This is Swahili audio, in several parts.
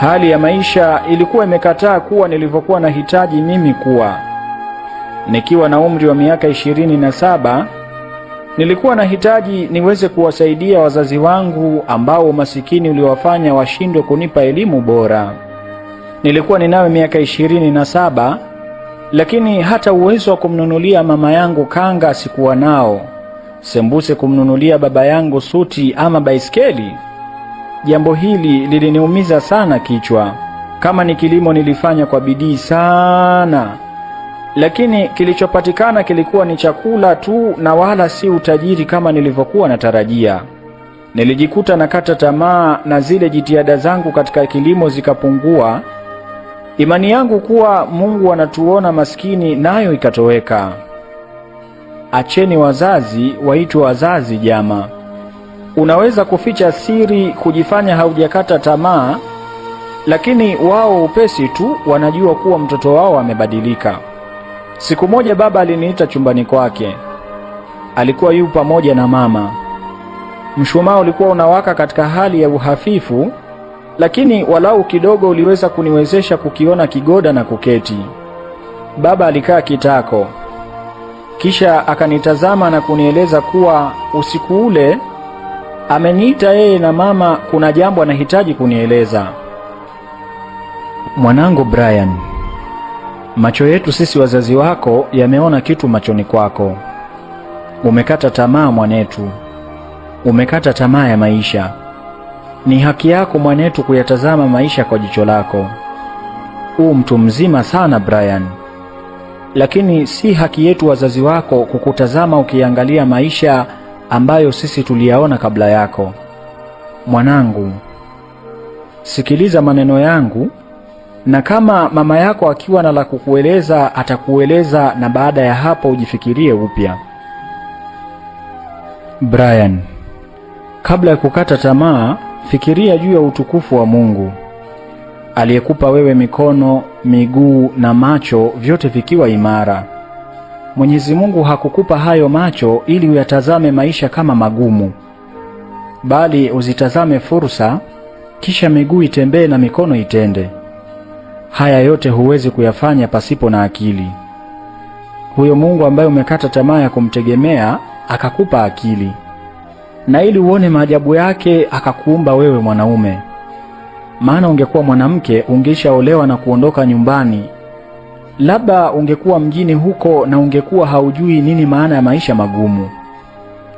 Hali ya maisha ilikuwa imekataa kuwa nilivyokuwa nahitaji mimi kuwa. Nikiwa na umri wa miaka ishirini na saba nilikuwa nahitaji niweze kuwasaidia wazazi wangu ambao umasikini uliwafanya washindwe kunipa elimu bora. Nilikuwa ninayo miaka ishirini na saba lakini hata uwezo wa kumnunulia mama yangu kanga sikuwa nao, sembuse kumnunulia baba yangu suti ama baiskeli. Jambo hili liliniumiza sana kichwa. Kama ni kilimo nilifanya kwa bidii sana, lakini kilichopatikana kilikuwa ni chakula tu na wala si utajiri kama nilivyokuwa natarajia. Nilijikuta nakata tamaa na zile jitihada zangu katika kilimo zikapungua. Imani yangu kuwa Mungu anatuona maskini nayo ikatoweka. Acheni wazazi waitwe wazazi, jama. Unaweza kuficha siri, kujifanya haujakata tamaa, lakini wao upesi tu wanajua kuwa mtoto wao amebadilika. Siku moja baba aliniita chumbani kwake. Alikuwa yu pamoja na mama. Mshumaa ulikuwa unawaka katika hali ya uhafifu, lakini walau kidogo uliweza kuniwezesha kukiona kigoda na kuketi. Baba alikaa kitako, kisha akanitazama na kunieleza kuwa usiku ule ameniita yeye na mama, kuna jambo anahitaji kunieleza. Mwanangu Brian, macho yetu sisi wazazi wako yameona kitu machoni kwako. Umekata tamaa mwanetu, umekata tamaa ya maisha. Ni haki yako mwanetu kuyatazama maisha kwa jicho lako. U mtu mzima sana Brian, lakini si haki yetu wazazi wako kukutazama ukiangalia maisha ambayo sisi tuliyaona kabla yako. Mwanangu, sikiliza maneno yangu, na kama mama yako akiwa na la kukueleza atakueleza, na baada ya hapo ujifikirie upya. Brian, kabla ya kukata tamaa, fikiria juu ya utukufu wa Mungu aliyekupa wewe mikono, miguu na macho, vyote vikiwa imara. Mwenyezi Mungu hakukupa hayo macho ili uyatazame maisha kama magumu, bali uzitazame fursa, kisha miguu itembee na mikono itende. Haya yote huwezi kuyafanya pasipo na akili. Huyo Mungu ambaye umekata tamaa ya kumtegemea akakupa akili, na ili uone maajabu yake akakuumba wewe mwanaume. Maana ungekuwa mwanamke ungeshaolewa na kuondoka nyumbani Labda ungekuwa mjini huko na ungekuwa haujui nini maana ya maisha magumu.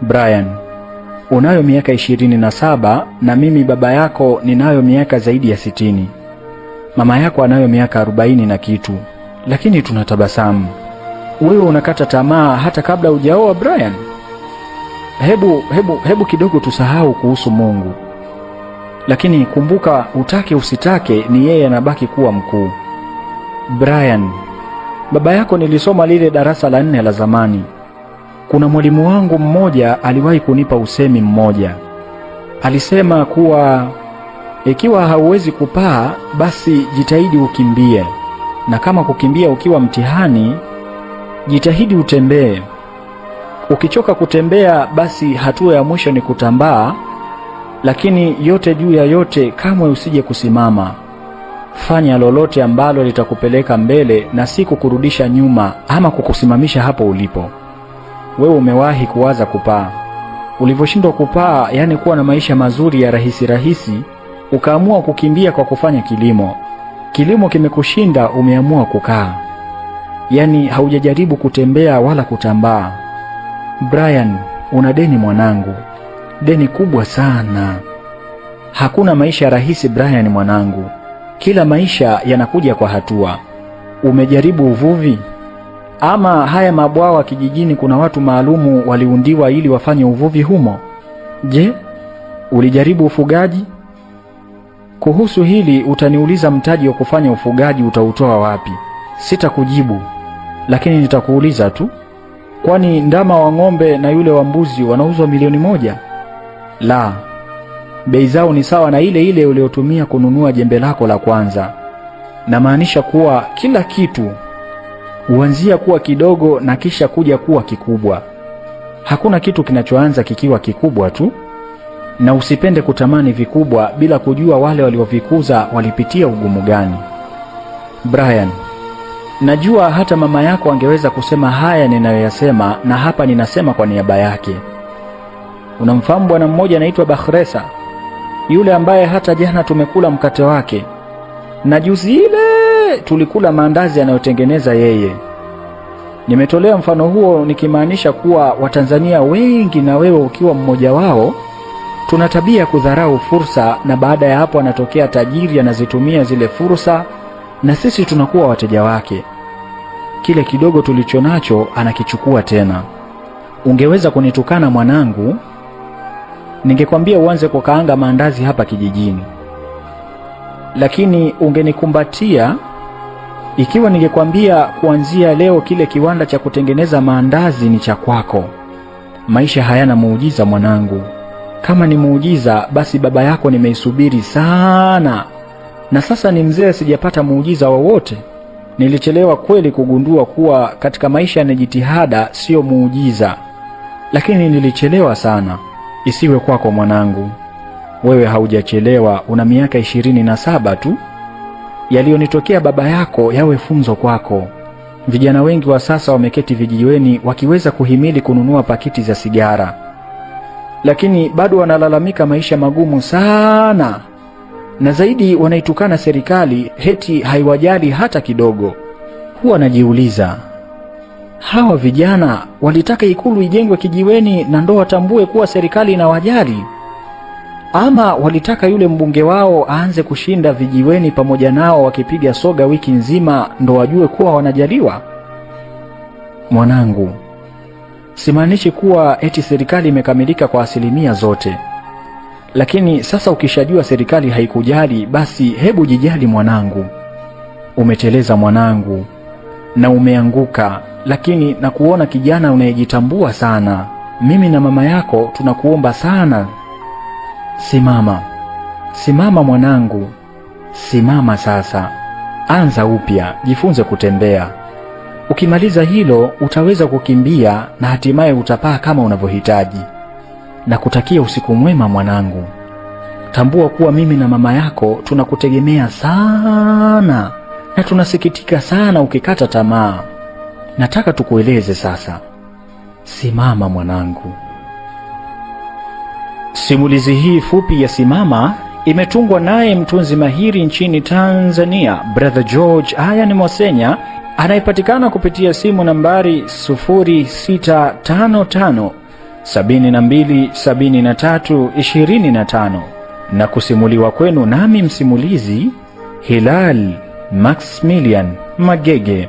Brian, unayo miaka ishirini na saba na mimi baba yako ninayo miaka zaidi ya sitini. Mama yako anayo miaka arobaini na kitu, lakini tunatabasamu. Wewe unakata tamaa hata kabla hujaoa Brian. Hebu, hebu, hebu kidogo tusahau kuhusu Mungu, lakini kumbuka, utake usitake, ni yeye anabaki kuwa mkuu. Brian, Baba yako nilisoma lile darasa la nne la zamani. Kuna mwalimu wangu mmoja aliwahi kunipa usemi mmoja. Alisema kuwa ikiwa hauwezi kupaa basi jitahidi ukimbie, na kama kukimbia ukiwa mtihani, jitahidi utembee. Ukichoka kutembea, basi hatua ya mwisho ni kutambaa, lakini yote juu ya yote, kamwe usije kusimama fanya lolote ambalo litakupeleka mbele na si kukurudisha nyuma ama kukusimamisha hapo ulipo. Wewe umewahi kuwaza kupaa, ulivyoshindwa kupaa, yaani kuwa na maisha mazuri ya rahisi rahisi, ukaamua kukimbia kwa kufanya kilimo. Kilimo kimekushinda, umeamua kukaa, yaani haujajaribu kutembea wala kutambaa. Brian, una deni mwanangu, deni kubwa sana. Hakuna maisha rahisi Brian mwanangu. Kila maisha yanakuja kwa hatua. Umejaribu uvuvi? Ama haya mabwawa kijijini kuna watu maalumu waliundiwa ili wafanye uvuvi humo. Je, ulijaribu ufugaji? Kuhusu hili utaniuliza mtaji wa kufanya ufugaji utautoa wapi? Sitakujibu, lakini nitakuuliza tu. Kwani ndama wa ng'ombe na yule wa mbuzi wanauzwa milioni moja? La bei zao ni sawa na ile ile uliotumia kununua jembe lako la kwanza. Namaanisha kuwa kila kitu huanzia kuwa kidogo na kisha kuja kuwa kikubwa. Hakuna kitu kinachoanza kikiwa kikubwa tu, na usipende kutamani vikubwa bila kujua wale waliovikuza walipitia ugumu gani. Brian, najua hata mama yako angeweza kusema haya ninayoyasema, na hapa ninasema kwa niaba yake. Unamfahamu bwana mmoja anaitwa Bakhresa? yule ambaye hata jana tumekula mkate wake na juzi ile tulikula maandazi anayotengeneza yeye. Nimetolea mfano huo nikimaanisha kuwa Watanzania wengi na wewe ukiwa mmoja wao, tuna tabia ya kudharau fursa, na baada ya hapo anatokea tajiri anazitumia zile fursa na sisi tunakuwa wateja wake. Kile kidogo tulicho nacho anakichukua tena. Ungeweza kunitukana mwanangu ningekwambia uanze kukaanga maandazi hapa kijijini, lakini ungenikumbatia ikiwa ningekwambia kuanzia leo kile kiwanda cha kutengeneza maandazi ni cha kwako. Maisha hayana muujiza mwanangu. Kama ni muujiza, basi baba yako nimeisubiri sana, na sasa ni mzee, sijapata muujiza wowote. Nilichelewa kweli kugundua kuwa katika maisha ni jitihada, siyo muujiza, lakini nilichelewa sana isiwe kwako mwanangu, wewe haujachelewa, una miaka ishirini na saba tu. Yaliyonitokea baba yako yawe funzo kwako. Vijana wengi wa sasa wameketi vijiweni wakiweza kuhimili kununua pakiti za sigara, lakini bado wanalalamika maisha magumu sana, na zaidi wanaitukana serikali, heti haiwajali hata kidogo. Huwa najiuliza Hawa vijana walitaka ikulu ijengwe kijiweni na ndo watambue kuwa serikali inawajali, ama walitaka yule mbunge wao aanze kushinda vijiweni pamoja nao wakipiga soga wiki nzima ndo wajue kuwa wanajaliwa? Mwanangu, simaanishi kuwa eti serikali imekamilika kwa asilimia zote, lakini sasa ukishajua serikali haikujali basi hebu jijali mwanangu. Umeteleza mwanangu, na umeanguka lakini nakuona kijana unayejitambua sana. Mimi na mama yako tunakuomba sana, simama, simama mwanangu, simama sasa, anza upya, jifunze kutembea. Ukimaliza hilo utaweza kukimbia na hatimaye utapaa kama unavyohitaji. Na kutakia usiku mwema mwanangu. Tambua kuwa mimi na mama yako tunakutegemea sana na tunasikitika sana ukikata tamaa nataka tukueleze sasa. Simama mwanangu. Simulizi hii fupi ya Simama imetungwa naye mtunzi mahiri nchini Tanzania, Brother George Ayan Mwasenya, anayepatikana kupitia simu nambari 0655 na kusimuliwa kwenu nami msimulizi Hilal Maximilian Magege.